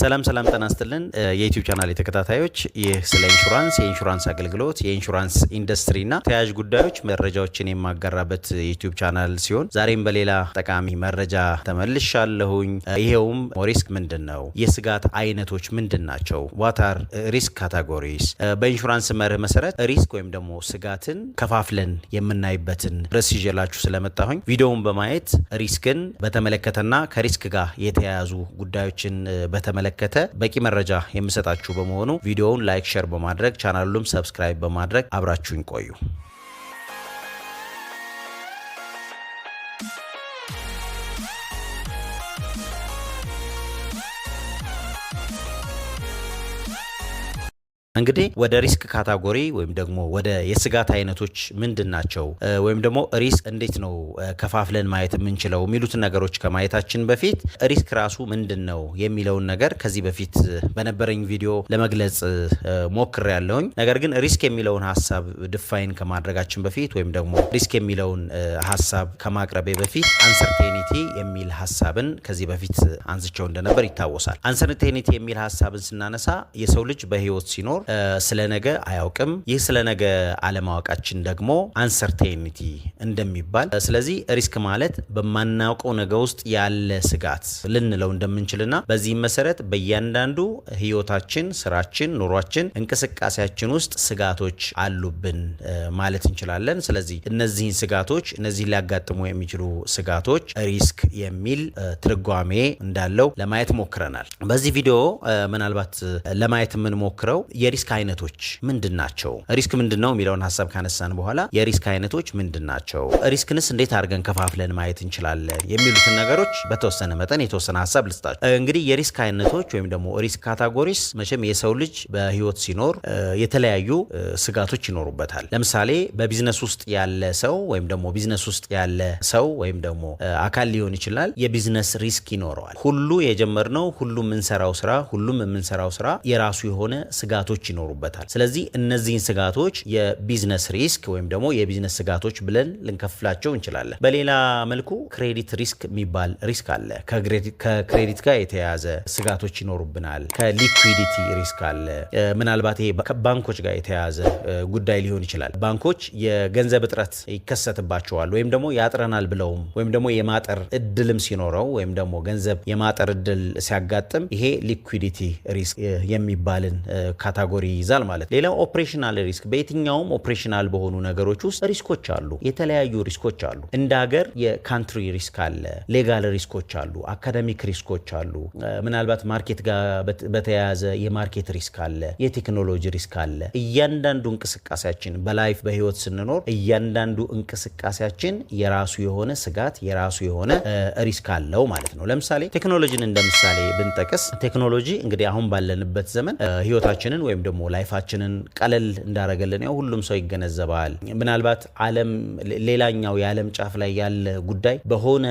ሰላም ሰላም ጤና ይስጥልን የዩቲዩብ ቻናል የተከታታዮች ይህ ስለ ኢንሹራንስ፣ የኢንሹራንስ አገልግሎት፣ የኢንሹራንስ ኢንዱስትሪና ተያያዥ ጉዳዮች መረጃዎችን የማጋራበት ዩቲዩብ ቻናል ሲሆን ዛሬም በሌላ ጠቃሚ መረጃ ተመልሻለሁኝ። ይሄውም ሪስክ ምንድን ነው? የስጋት አይነቶች ምንድን ናቸው? ዋታር ሪስክ ካታጎሪስ በኢንሹራንስ መርህ መሰረት ሪስክ ወይም ደግሞ ስጋትን ከፋፍለን የምናይበትን ርዕስ ይዤላችሁ ስለመጣሁኝ ቪዲዮውን በማየት ሪስክን በተመለከተና ከሪስክ ጋር የተያያዙ ጉዳዮችን በተመለ በተመለከተ በቂ መረጃ የምሰጣችሁ በመሆኑ ቪዲዮውን ላይክ፣ ሼር በማድረግ ቻናሉም ሰብስክራይብ በማድረግ አብራችሁኝ ቆዩ። እንግዲህ ወደ ሪስክ ካታጎሪ ወይም ደግሞ ወደ የስጋት አይነቶች ምንድን ናቸው ወይም ደግሞ ሪስክ እንዴት ነው ከፋፍለን ማየት የምንችለው የሚሉትን ነገሮች ከማየታችን በፊት ሪስክ ራሱ ምንድን ነው የሚለውን ነገር ከዚህ በፊት በነበረኝ ቪዲዮ ለመግለጽ ሞክር ያለውኝ። ነገር ግን ሪስክ የሚለውን ሀሳብ ድፋይን ከማድረጋችን በፊት ወይም ደግሞ ሪስክ የሚለውን ሀሳብ ከማቅረቤ በፊት አንሰርቴኒቲ የሚል ሀሳብን ከዚህ በፊት አንስቸው እንደነበር ይታወሳል። አንሰርቴኒቲ የሚል ሀሳብን ስናነሳ የሰው ልጅ በህይወት ሲኖር ስለ ነገ አያውቅም። ይህ ስለ ነገ አለማወቃችን ደግሞ አንሰርቴኒቲ እንደሚባል ስለዚህ ሪስክ ማለት በማናውቀው ነገ ውስጥ ያለ ስጋት ልንለው እንደምንችልና በዚህም መሰረት በእያንዳንዱ ህይወታችን፣ ስራችን፣ ኑሯችን፣ እንቅስቃሴያችን ውስጥ ስጋቶች አሉብን ማለት እንችላለን። ስለዚህ እነዚህን ስጋቶች እነዚህ ሊያጋጥሙ የሚችሉ ስጋቶች ሪስክ የሚል ትርጓሜ እንዳለው ለማየት ሞክረናል። በዚህ ቪዲዮ ምናልባት ለማየት የምንሞክረው የሪስክ አይነቶች ምንድን ናቸው? ሪስክ ምንድን ነው የሚለውን ሀሳብ ካነሳን በኋላ የሪስክ አይነቶች ምንድን ናቸው፣ ሪስክንስ እንዴት አድርገን ከፋፍለን ማየት እንችላለን የሚሉትን ነገሮች በተወሰነ መጠን የተወሰነ ሀሳብ ልስጣቸው። እንግዲህ የሪስክ አይነቶች ወይም ደግሞ ሪስክ ካታጎሪስ መቼም የሰው ልጅ በህይወት ሲኖር የተለያዩ ስጋቶች ይኖሩበታል። ለምሳሌ በቢዝነስ ውስጥ ያለ ሰው ወይም ደግሞ ቢዝነስ ውስጥ ያለ ሰው ወይም ደግሞ አካል ሊሆን ይችላል የቢዝነስ ሪስክ ይኖረዋል። ሁሉ የጀመርነው ሁሉም የምንሰራው ስራ ሁሉም የምንሰራው ስራ የራሱ የሆነ ስጋቶች ይኖሩበታል። ስለዚህ እነዚህን ስጋቶች የቢዝነስ ሪስክ ወይም ደግሞ የቢዝነስ ስጋቶች ብለን ልንከፍላቸው እንችላለን። በሌላ መልኩ ክሬዲት ሪስክ የሚባል ሪስክ አለ። ከክሬዲት ጋር የተያያዘ ስጋቶች ይኖሩብናል። ከሊኩዊዲቲ ሪስክ አለ። ምናልባት ይሄ ከባንኮች ጋር የተያያዘ ጉዳይ ሊሆን ይችላል። ባንኮች የገንዘብ እጥረት ይከሰትባቸዋል ወይም ደግሞ ያጥረናል ብለውም ወይም ደግሞ የማጠር እድልም ሲኖረው ወይም ደግሞ ገንዘብ የማጠር እድል ሲያጋጥም ይሄ ሊኩዲቲ ሪስክ የሚባልን ካታጎሪ ካቴጎሪ ይይዛል ማለት ሌላው ኦፕሬሽናል ሪስክ፣ በየትኛውም ኦፕሬሽናል በሆኑ ነገሮች ውስጥ ሪስኮች አሉ፣ የተለያዩ ሪስኮች አሉ። እንደ ሀገር የካንትሪ ሪስክ አለ፣ ሌጋል ሪስኮች አሉ፣ አካዳሚክ ሪስኮች አሉ። ምናልባት ማርኬት ጋር በተያያዘ የማርኬት ሪስክ አለ፣ የቴክኖሎጂ ሪስክ አለ። እያንዳንዱ እንቅስቃሴያችን በላይፍ በህይወት ስንኖር እያንዳንዱ እንቅስቃሴያችን የራሱ የሆነ ስጋት የራሱ የሆነ ሪስክ አለው ማለት ነው። ለምሳሌ ቴክኖሎጂን እንደ ምሳሌ ብንጠቅስ ቴክኖሎጂ እንግዲህ አሁን ባለንበት ዘመን ህይወታችንን ወይም ደግሞ ላይፋችንን ቀለል እንዳረገልን ያው ሁሉም ሰው ይገነዘባል። ምናልባት ዓለም ሌላኛው የዓለም ጫፍ ላይ ያለ ጉዳይ በሆነ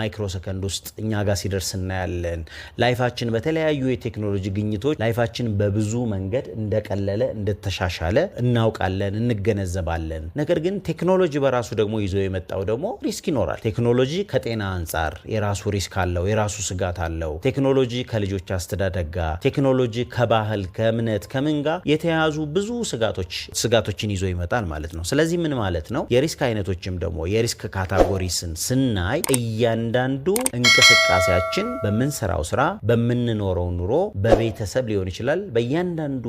ማይክሮሰከንድ ውስጥ እኛ ጋር ሲደርስ እናያለን። ላይፋችን በተለያዩ የቴክኖሎጂ ግኝቶች ላይፋችን በብዙ መንገድ እንደቀለለ እንደተሻሻለ እናውቃለን፣ እንገነዘባለን። ነገር ግን ቴክኖሎጂ በራሱ ደግሞ ይዞ የመጣው ደግሞ ሪስክ ይኖራል። ቴክኖሎጂ ከጤና አንጻር የራሱ ሪስክ አለው፣ የራሱ ስጋት አለው። ቴክኖሎጂ ከልጆች አስተዳደጋ ቴክኖሎጂ ከባህል ከእምነት ከምን ጋር የተያያዙ ብዙ ስጋቶች ስጋቶችን ይዞ ይመጣል ማለት ነው። ስለዚህ ምን ማለት ነው? የሪስክ አይነቶችም ደግሞ የሪስክ ካታጎሪስን ስናይ እያንዳንዱ እንቅስቃሴያችን በምንሰራው ስራ፣ በምንኖረው ኑሮ፣ በቤተሰብ ሊሆን ይችላል። በእያንዳንዱ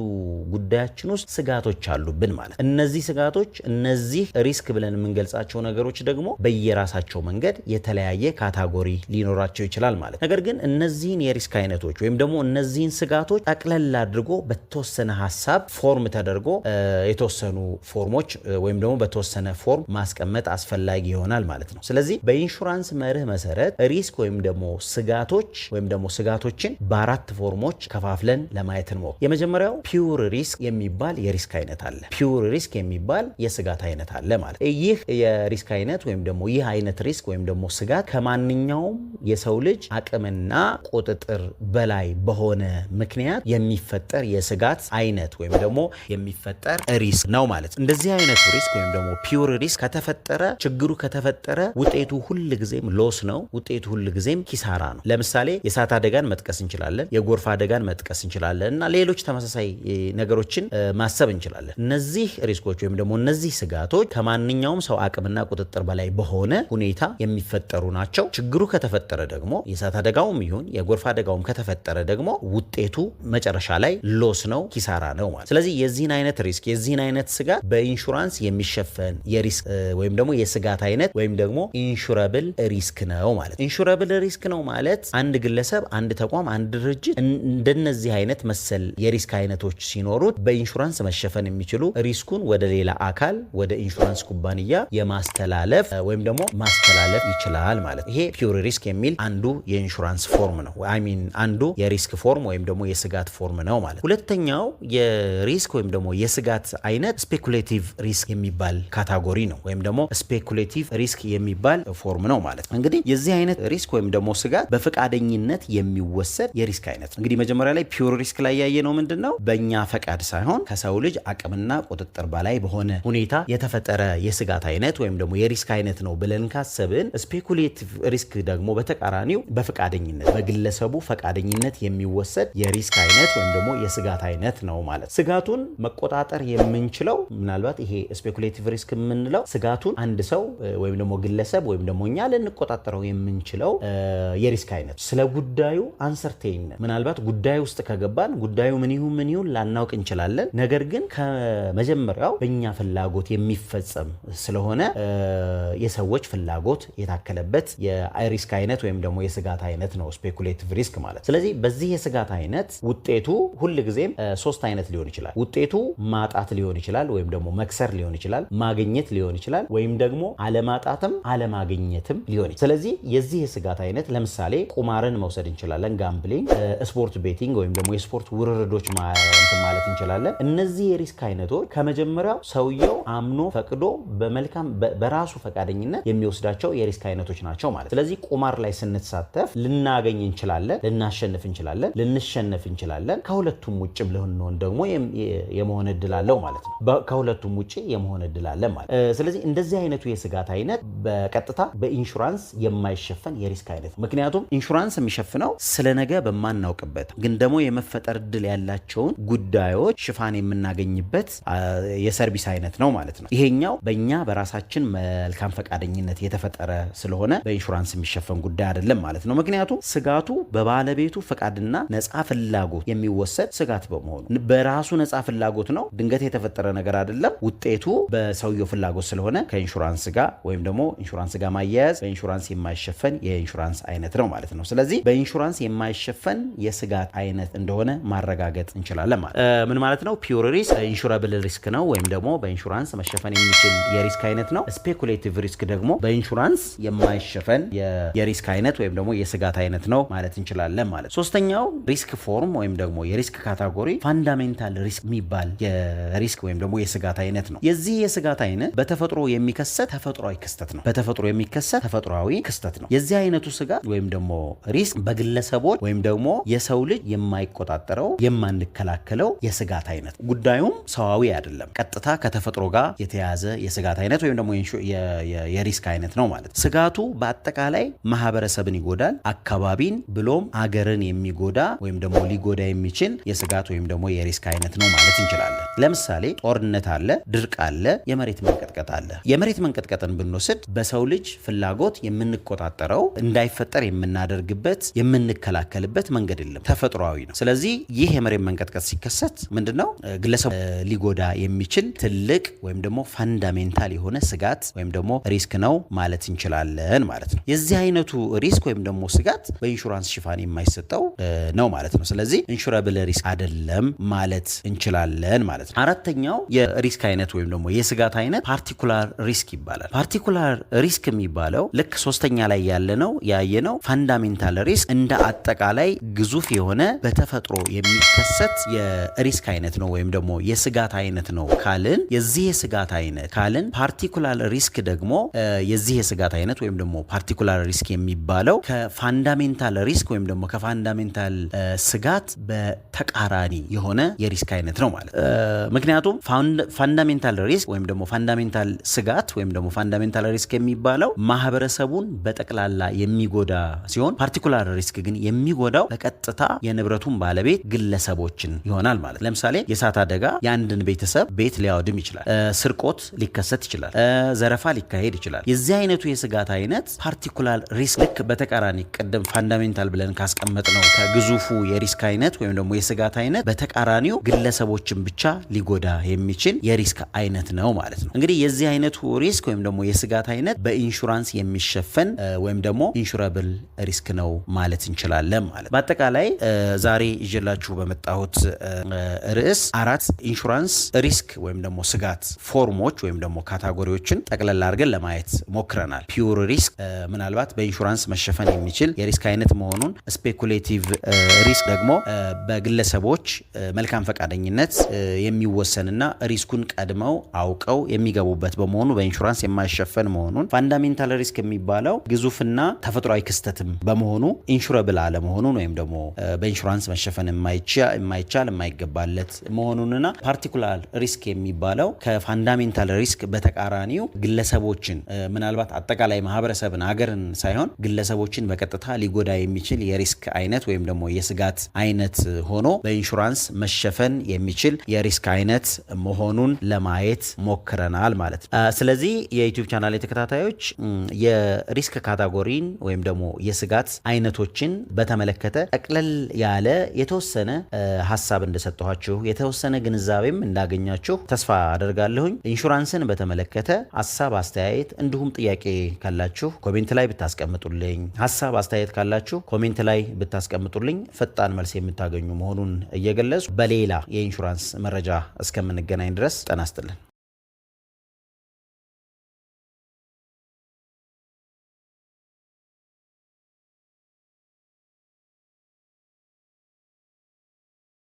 ጉዳያችን ውስጥ ስጋቶች አሉብን ማለት እነዚህ ስጋቶች እነዚህ ሪስክ ብለን የምንገልጻቸው ነገሮች ደግሞ በየራሳቸው መንገድ የተለያየ ካታጎሪ ሊኖራቸው ይችላል ማለት ነገር ግን እነዚህን የሪስክ አይነቶች ወይም ደግሞ እነዚህን ስጋቶች ጠቅለል አድርጎ በተወሰ በተወሰነ ሀሳብ ፎርም ተደርጎ የተወሰኑ ፎርሞች ወይም ደግሞ በተወሰነ ፎርም ማስቀመጥ አስፈላጊ ይሆናል ማለት ነው። ስለዚህ በኢንሹራንስ መርህ መሰረት ሪስክ ወይም ደግሞ ስጋቶች ወይም ደግሞ ስጋቶችን በአራት ፎርሞች ከፋፍለን ለማየት እንሞክር። የመጀመሪያው ፒውር ሪስክ የሚባል የሪስክ አይነት አለ። ፒውር ሪስክ የሚባል የስጋት አይነት አለ ማለት ይህ የሪስክ አይነት ወይም ደግሞ ይህ አይነት ሪስክ ወይም ደግሞ ስጋት ከማንኛውም የሰው ልጅ አቅምና ቁጥጥር በላይ በሆነ ምክንያት የሚፈጠር የስጋት አይነት ወይም ደግሞ የሚፈጠር ሪስክ ነው ማለት። እንደዚህ አይነቱ ሪስክ ወይም ደግሞ ፒውር ሪስክ ከተፈጠረ ችግሩ ከተፈጠረ ውጤቱ ሁል ጊዜም ሎስ ነው። ውጤቱ ሁል ጊዜም ኪሳራ ነው። ለምሳሌ የእሳት አደጋን መጥቀስ እንችላለን፣ የጎርፍ አደጋን መጥቀስ እንችላለን እና ሌሎች ተመሳሳይ ነገሮችን ማሰብ እንችላለን። እነዚህ ሪስኮች ወይም ደግሞ እነዚህ ስጋቶች ከማንኛውም ሰው አቅምና ቁጥጥር በላይ በሆነ ሁኔታ የሚፈጠሩ ናቸው። ችግሩ ከተፈጠረ ደግሞ የእሳት አደጋውም ይሁን የጎርፍ አደጋውም ከተፈጠረ ደግሞ ውጤቱ መጨረሻ ላይ ሎስ ነው፣ ኪሳራ ነው ማለት። ስለዚህ የዚህን አይነት ሪስክ የዚህን አይነት ስጋት በኢንሹራንስ የሚሸፈን የሪስክ ወይም ደግሞ የስጋት አይነት ወይም ደግሞ ኢንሹረብል ሪስክ ነው ማለት። ኢንሹረብል ሪስክ ነው ማለት አንድ ግለሰብ፣ አንድ ተቋም፣ አንድ ድርጅት እንደነዚህ አይነት መሰል የሪስክ አይነቶች ሲኖሩት በኢንሹራንስ መሸፈን የሚችሉ ሪስኩን ወደ ሌላ አካል ወደ ኢንሹራንስ ኩባንያ የማስተላለፍ ወይም ደግሞ ማስተላለፍ ይችላል ማለት ነው። ይሄ ፒውር ሪስክ የሚል አንዱ የኢንሹራንስ ፎርም ነው። አይ ሚን አንዱ የሪስክ ፎርም ወይም ደግሞ የስጋት ፎርም ነው ማለት። ሁለተኛው ዋናው የሪስክ ወይም ደግሞ የስጋት አይነት ስፔኩሌቲቭ ሪስክ የሚባል ካታጎሪ ነው ወይም ደግሞ ስፔኩሌቲቭ ሪስክ የሚባል ፎርም ነው ማለት ነው። እንግዲህ የዚህ አይነት ሪስክ ወይም ደግሞ ስጋት በፈቃደኝነት የሚወሰድ የሪስክ አይነት ነው። እንግዲህ መጀመሪያ ላይ ፒውር ሪስክ ላይ ያየ ነው ምንድን ነው በእኛ ፈቃድ ሳይሆን ከሰው ልጅ አቅምና ቁጥጥር በላይ በሆነ ሁኔታ የተፈጠረ የስጋት አይነት ወይም ደግሞ የሪስክ አይነት ነው ብለን ካሰብን፣ ስፔኩሌቲቭ ሪስክ ደግሞ በተቃራኒው በፈቃደኝነት በግለሰቡ ፈቃደኝነት የሚወሰድ የሪስክ አይነት ወይም ደግሞ የስጋት አይነት እውነት ነው ማለት። ስጋቱን መቆጣጠር የምንችለው ምናልባት ይሄ ስፔኩሌቲቭ ሪስክ የምንለው ስጋቱን አንድ ሰው ወይም ደግሞ ግለሰብ ወይም ደግሞ እኛ ልንቆጣጠረው የምንችለው የሪስክ አይነት ስለ ጉዳዩ አንሰርቴይነት ምናልባት ጉዳዩ ውስጥ ከገባን ጉዳዩ ምን ይሁን ምን ይሁን ላናውቅ እንችላለን። ነገር ግን ከመጀመሪያው በእኛ ፍላጎት የሚፈጸም ስለሆነ የሰዎች ፍላጎት የታከለበት የሪስክ አይነት ወይም ደግሞ የስጋት አይነት ነው ስፔኩሌቲቭ ሪስክ ማለት። ስለዚህ በዚህ የስጋት አይነት ውጤቱ ሁልጊዜም ሶስት አይነት ሊሆን ይችላል። ውጤቱ ማጣት ሊሆን ይችላል፣ ወይም ደግሞ መክሰር ሊሆን ይችላል፣ ማግኘት ሊሆን ይችላል፣ ወይም ደግሞ አለማጣትም አለማግኘትም ሊሆን ይችላል። ስለዚህ የዚህ የስጋት አይነት ለምሳሌ ቁማርን መውሰድ እንችላለን፣ ጋምብሊንግ፣ ስፖርት ቤቲንግ ወይም ደግሞ የስፖርት ውርርዶች ማለት እንችላለን። እነዚህ የሪስክ አይነቶች ከመጀመሪያው ሰውየው አምኖ ፈቅዶ በመልካም በራሱ ፈቃደኝነት የሚወስዳቸው የሪስክ አይነቶች ናቸው ማለት። ስለዚህ ቁማር ላይ ስንሳተፍ ልናገኝ እንችላለን፣ ልናሸንፍ እንችላለን፣ ልንሸነፍ እንችላለን። ከሁለቱም ውጭም ልሆን ብንሆን ደግሞ የመሆን እድል አለው ማለት ነው። ከሁለቱም ውጭ የመሆን እድል አለ ማለት ስለዚህ እንደዚህ አይነቱ የስጋት አይነት በቀጥታ በኢንሹራንስ የማይሸፈን የሪስክ አይነት ምክንያቱም ኢንሹራንስ የሚሸፍነው ስለ ነገ በማናውቅበት ግን ደግሞ የመፈጠር እድል ያላቸውን ጉዳዮች ሽፋን የምናገኝበት የሰርቪስ አይነት ነው ማለት ነው። ይሄኛው በእኛ በራሳችን መልካም ፈቃደኝነት የተፈጠረ ስለሆነ በኢንሹራንስ የሚሸፈን ጉዳይ አይደለም ማለት ነው። ምክንያቱም ስጋቱ በባለቤቱ ፈቃድና ነፃ ፍላጎት የሚወሰድ ስጋት በመሆኑ መሆኑ በራሱ ነፃ ፍላጎት ነው። ድንገት የተፈጠረ ነገር አይደለም። ውጤቱ በሰውየው ፍላጎት ስለሆነ ከኢንሹራንስ ጋር ወይም ደግሞ ኢንሹራንስ ጋር ማያያዝ በኢንሹራንስ የማይሸፈን የኢንሹራንስ አይነት ነው ማለት ነው። ስለዚህ በኢንሹራንስ የማይሸፈን የስጋት አይነት እንደሆነ ማረጋገጥ እንችላለን ማለት ምን ማለት ነው? ፒውር ሪስክ ኢንሹራብል ሪስክ ነው ወይም ደግሞ በኢንሹራንስ መሸፈን የሚችል የሪስክ አይነት ነው። ስፔኩሌቲቭ ሪስክ ደግሞ በኢንሹራንስ የማይሸፈን የሪስክ አይነት ወይም ደግሞ የስጋት አይነት ነው ማለት እንችላለን ማለት ሶስተኛው ሪስክ ፎርም ወይም ደግሞ የሪስክ ካታጎሪ ፋንዳሜንታል ሪስክ የሚባል የሪስክ ወይም ደግሞ የስጋት አይነት ነው። የዚህ የስጋት አይነት በተፈጥሮ የሚከሰት ተፈጥሯዊ ክስተት ነው። በተፈጥሮ የሚከሰት ተፈጥሯዊ ክስተት ነው። የዚህ አይነቱ ስጋት ወይም ደግሞ ሪስክ በግለሰቦች ወይም ደግሞ የሰው ልጅ የማይቆጣጠረው የማንከላከለው የስጋት አይነት፣ ጉዳዩም ሰዋዊ አይደለም። ቀጥታ ከተፈጥሮ ጋር የተያዘ የስጋት አይነት ወይም ደግሞ የሪስክ አይነት ነው ማለት ስጋቱ በአጠቃላይ ማህበረሰብን ይጎዳል፣ አካባቢን ብሎም ሀገርን የሚጎዳ ወይም ደግሞ ሊጎዳ የሚችል የስጋት ወይም ደግሞ የሪስክ አይነት ነው ማለት እንችላለን። ለምሳሌ ጦርነት አለ፣ ድርቅ አለ፣ የመሬት መንቀጥቀጥ አለ። የመሬት መንቀጥቀጥን ብንወስድ በሰው ልጅ ፍላጎት የምንቆጣጠረው እንዳይፈጠር የምናደርግበት የምንከላከልበት መንገድ የለም፣ ተፈጥሯዊ ነው። ስለዚህ ይህ የመሬት መንቀጥቀጥ ሲከሰት ምንድነው ግለሰብ ሊጎዳ የሚችል ትልቅ ወይም ደግሞ ፈንዳሜንታል የሆነ ስጋት ወይም ደግሞ ሪስክ ነው ማለት እንችላለን ማለት ነው። የዚህ አይነቱ ሪስክ ወይም ደግሞ ስጋት በኢንሹራንስ ሽፋን የማይሰጠው ነው ማለት ነው። ስለዚህ ኢንሹራብል ሪስክ አይደለም አይደለም ማለት እንችላለን ማለት ነው። አራተኛው የሪስክ አይነት ወይም ደግሞ የስጋት አይነት ፓርቲኩላር ሪስክ ይባላል። ፓርቲኩላር ሪስክ የሚባለው ልክ ሶስተኛ ላይ ያለነው ያየነው ፋንዳሜንታል ሪስክ እንደ አጠቃላይ ግዙፍ የሆነ በተፈጥሮ የሚከሰት የሪስክ አይነት ነው ወይም ደግሞ የስጋት አይነት ነው ካልን የዚህ የስጋት አይነት ካልን ፓርቲኩላር ሪስክ ደግሞ የዚህ የስጋት አይነት ወይም ደግሞ ፓርቲኩላር ሪስክ የሚባለው ከፋንዳሜንታል ሪስክ ወይም ደግሞ ከፋንዳሜንታል ስጋት በተቃራኒ የሆነ የሪስክ አይነት ነው ማለት። ምክንያቱም ፋንዳሜንታል ሪስክ ወይም ደግሞ ፋንዳሜንታል ስጋት ወይም ደግሞ ፋንዳሜንታል ሪስክ የሚባለው ማህበረሰቡን በጠቅላላ የሚጎዳ ሲሆን ፓርቲኩላር ሪስክ ግን የሚጎዳው በቀጥታ የንብረቱን ባለቤት ግለሰቦችን ይሆናል ማለት። ለምሳሌ የእሳት አደጋ የአንድን ቤተሰብ ቤት ሊያወድም ይችላል። ስርቆት ሊከሰት ይችላል። ዘረፋ ሊካሄድ ይችላል። የዚህ አይነቱ የስጋት አይነት ፓርቲኩላር ሪስክ ልክ በተቃራኒ ቅድም ፋንዳሜንታል ብለን ካስቀመጥ ነው ከግዙፉ የሪስክ አይነት ወይም ደግሞ የስጋት አይነት በተቃራኒው ግለሰቦችን ብቻ ሊጎዳ የሚችል የሪስክ አይነት ነው ማለት ነው። እንግዲህ የዚህ አይነቱ ሪስክ ወይም ደግሞ የስጋት አይነት በኢንሹራንስ የሚሸፈን ወይም ደግሞ ኢንሹራብል ሪስክ ነው ማለት እንችላለን ማለት በአጠቃላይ ዛሬ ይዤላችሁ በመጣሁት ርዕስ አራት ኢንሹራንስ ሪስክ ወይም ደግሞ ስጋት ፎርሞች ወይም ደግሞ ካታጎሪዎችን ጠቅለል አድርገን ለማየት ሞክረናል። ፒውር ሪስክ ምናልባት በኢንሹራንስ መሸፈን የሚችል የሪስክ አይነት መሆኑን፣ ስፔኩሌቲቭ ሪስክ ደግሞ በግለሰቦች መልካም ፈቃደኝነት የሚወሰንና ሪስኩን ቀድመው አውቀው የሚገቡበት በመሆኑ በኢንሹራንስ የማይሸፈን መሆኑን ፋንዳሜንታል ሪስክ የሚባለው ግዙፍና ተፈጥሯዊ ክስተትም በመሆኑ ኢንሹረብል አለመሆኑን ወይም ደግሞ በኢንሹራንስ መሸፈን የማይቻል የማይገባለት መሆኑንና ፓርቲኩላር ሪስክ የሚባለው ከፋንዳሜንታል ሪስክ በተቃራኒው ግለሰቦችን ምናልባት አጠቃላይ ማህበረሰብን ሀገርን ሳይሆን ግለሰቦችን በቀጥታ ሊጎዳ የሚችል የሪስክ አይነት ወይም ደግሞ የስጋት አይነት ሆኖ በኢንሹራንስ መሸፈን የሚችል የሪስክ አይነት መሆኑን ለማየት ሞክረናል ማለት ነው። ስለዚህ የዩቲዩብ ቻናል ተከታታዮች የሪስክ ካታጎሪን ወይም ደግሞ የስጋት አይነቶችን በተመለከተ ጠቅለል ያለ የተወሰነ ሀሳብ እንደሰጠኋችሁ የተወሰነ ግንዛቤም እንዳገኛችሁ ተስፋ አደርጋለሁኝ። ኢንሹራንስን በተመለከተ ሀሳብ አስተያየት፣ እንዲሁም ጥያቄ ካላችሁ ኮሜንት ላይ ብታስቀምጡልኝ፣ ሀሳብ አስተያየት ካላችሁ ኮሜንት ላይ ብታስቀምጡልኝ ፈጣን መልስ የምታገኙ መሆኑን እየገለ እንደተመለሱ በሌላ የኢንሹራንስ መረጃ እስከምንገናኝ ድረስ ጤና ይስጥልን።